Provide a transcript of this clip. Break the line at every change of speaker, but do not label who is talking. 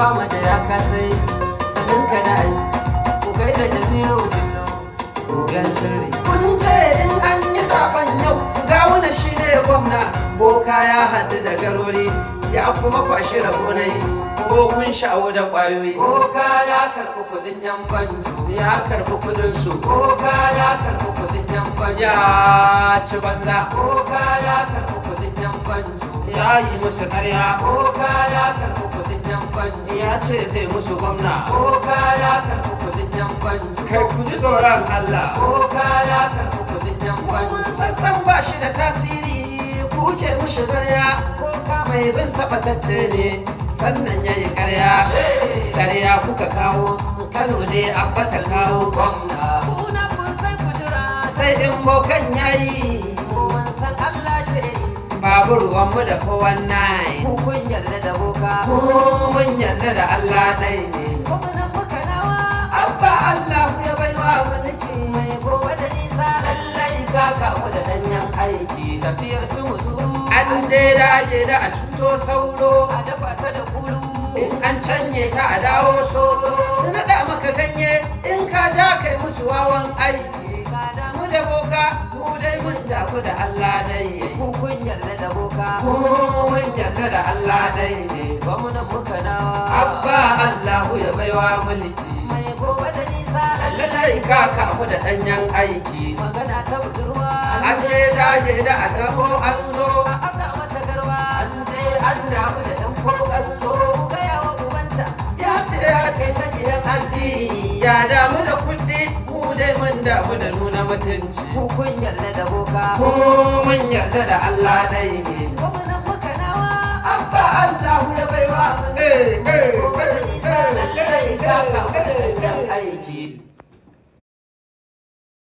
kowa mace ya kasai sanin ka da aiki ku kai da jamilu dillo gogen sirri kun ce in an yi zaben yau gawuna shi ne gwamna boka ya haɗu da garori ya kuma kwashi rabo na yi ko kun sha'awo da kwayoyi. boka ya karɓi kudin yan banjo ya karɓi kudin su boka ya karɓi kudin yan banjo ya ci banza boka ya karɓi kudin yan banjo ya yi musu karya. boka ya karɓi yan ya ce zai musu gwamna ko ka ya karɓi kuɗin yan banki kai ku ji tsoron Allah ko ka ya karɓi kuɗin yan banki mun sassan ba shi da tasiri ku ce mushi zarya ko ka mai bin sabatacce ne sannan ya yi ƙarya ƙarya kuka kawo Kano ne abba ta kawo gwamna kuna kun san kujira sai in bokan yayi mun san Allah ke. kabur mu da kowan nai yarda
da boka ku mun
yarda da Allah dai ne gwamnan muka nawa abba Allah ya baiwa mulki mai gobe da nisa lallai ka kamu da danyen aiki tafiyar su muzuru an dai dage da a cuto sauro a dafa ta da kulu an canye ta a dawo soro su naɗa maka ganye in ka ja kai musu wawan aiki ka damu da boka dai mun jaku da Allah dai ku kun yarda
da boka Ko mun yarda da Allah dai
ne gwamnan muka nawa abba Allahu ya baiwa mulki mai gobe da nisa lallai ka kamu da danyen aiki magana ta budurwa an je daje da atabo an zo a afta mata garwa an je an damu da yan kokan zo gaya wa ubanta ya ce ya kai ta gidan addini ya damu da kuɗi dai mun damu da nuna mutunci ko kun yarda da boka ko mun yarda da Allah dai ne gwamnan muka nawa abba Allah ya baiwa mun eh eh ko da nisa lallai ka ka da aiki